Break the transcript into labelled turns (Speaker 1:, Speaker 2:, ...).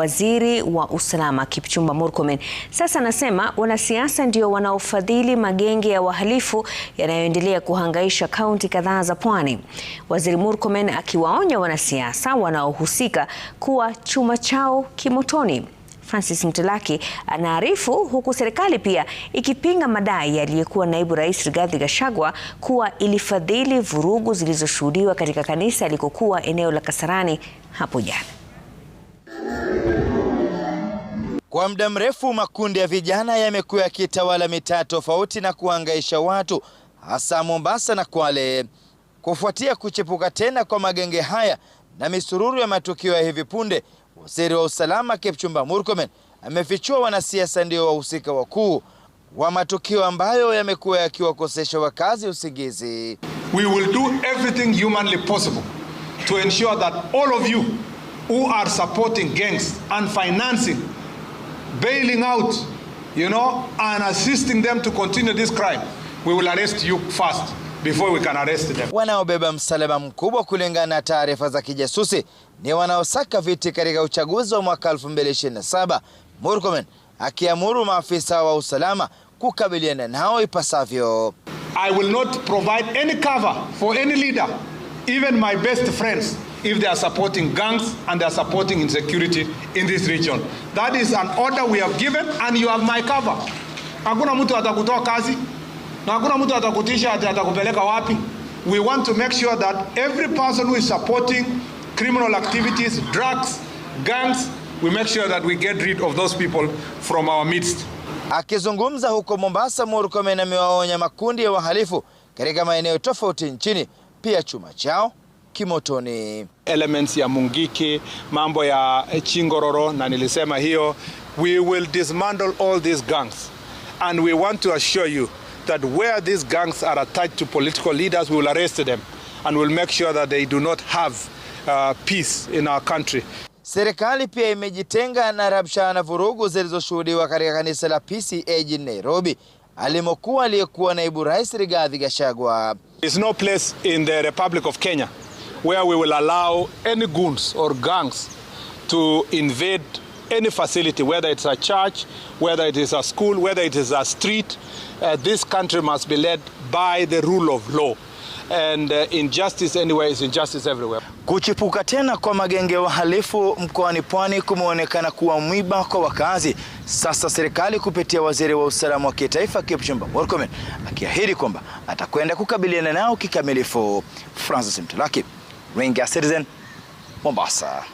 Speaker 1: Waziri wa usalama Kipchumba Murkomen sasa anasema wanasiasa ndio wanaofadhili magenge ya wahalifu yanayoendelea kuhangaisha kaunti kadhaa za pwani. Waziri Murkomen akiwaonya wanasiasa wanaohusika kuwa chuma chao kimotoni. Francis Mtalaki anaarifu huku serikali pia ikipinga madai aliyekuwa naibu rais Rigathi Gachagua kuwa ilifadhili vurugu zilizoshuhudiwa katika kanisa alikokuwa eneo la Kasarani hapo jana.
Speaker 2: Kwa muda mrefu makundi ya vijana yamekuwa yakitawala mitaa tofauti na kuhangaisha watu hasa Mombasa na Kwale. Kufuatia kuchepuka tena kwa magenge haya na misururu ya matukio ya hivi punde, waziri wa usalama Kipchumba Murkomen amefichua wanasiasa ndio wahusika wakuu wa matukio ambayo yamekuwa yakiwakosesha wakazi usingizi.
Speaker 3: We will do everything humanly possible to ensure that all of you who are supporting gangs and financing bailing out, you know, and assisting them to continue this crime, we will arrest you first before we can arrest them.
Speaker 2: Wanaobeba msalaba mkubwa kulingana na taarifa za kijasusi ni wanaosaka viti katika uchaguzi wa mwaka 2027. Murkomen akiamuru maafisa wa usalama kukabiliana nao ipasavyo.
Speaker 3: I will not provide any cover for any leader, even my best friends if they are supporting gangs and they are supporting insecurity in this region. That is an order we have given and you have my cover. Hakuna mtu atakutoa kazi na hakuna mtu atakutisha ati atakupeleka wapi. We want to make sure that every person who is supporting criminal activities, drugs, gangs, we make sure that we get rid of those people from our midst.
Speaker 2: Akizungumza huko Mombasa, Murkomen amewaonya makundi ya wahalifu katika maeneo tofauti nchini, pia chuma chao Kimotoni.
Speaker 3: Elements ya Mungiki, mambo ya Chingororo, na nilisema hiyo, we will dismantle all these gangs and we want to assure you that where these gangs are attached to political leaders, we will arrest them and we'll make sure that they do not have uh, peace in our country.
Speaker 2: Serikali pia imejitenga na rabsha na vurugu zilizoshuhudiwa katika kanisa la PCEA jijini Nairobi alimokuwa aliyekuwa naibu rais Rigathi Gachagua.
Speaker 3: There is no place in the Republic of Kenya where we will allow any goons or gangs to invade any facility, whether it's a church, whether it is a school, whether it is a street. Uh, this country must be led by the rule of law. And, uh, injustice anywhere is injustice everywhere.
Speaker 2: Kuchipuka tena kwa magenge wahalifu mkoani Pwani kumeonekana kuwa mwiba kwa wakazi. Sasa serikali kupitia waziri wa usalama wa kitaifa Kipchumba Murkomen akiahidi kwamba atakwenda kukabiliana nao kikamilifu. Francis Mtalaki Rain Gasser is Mombasa.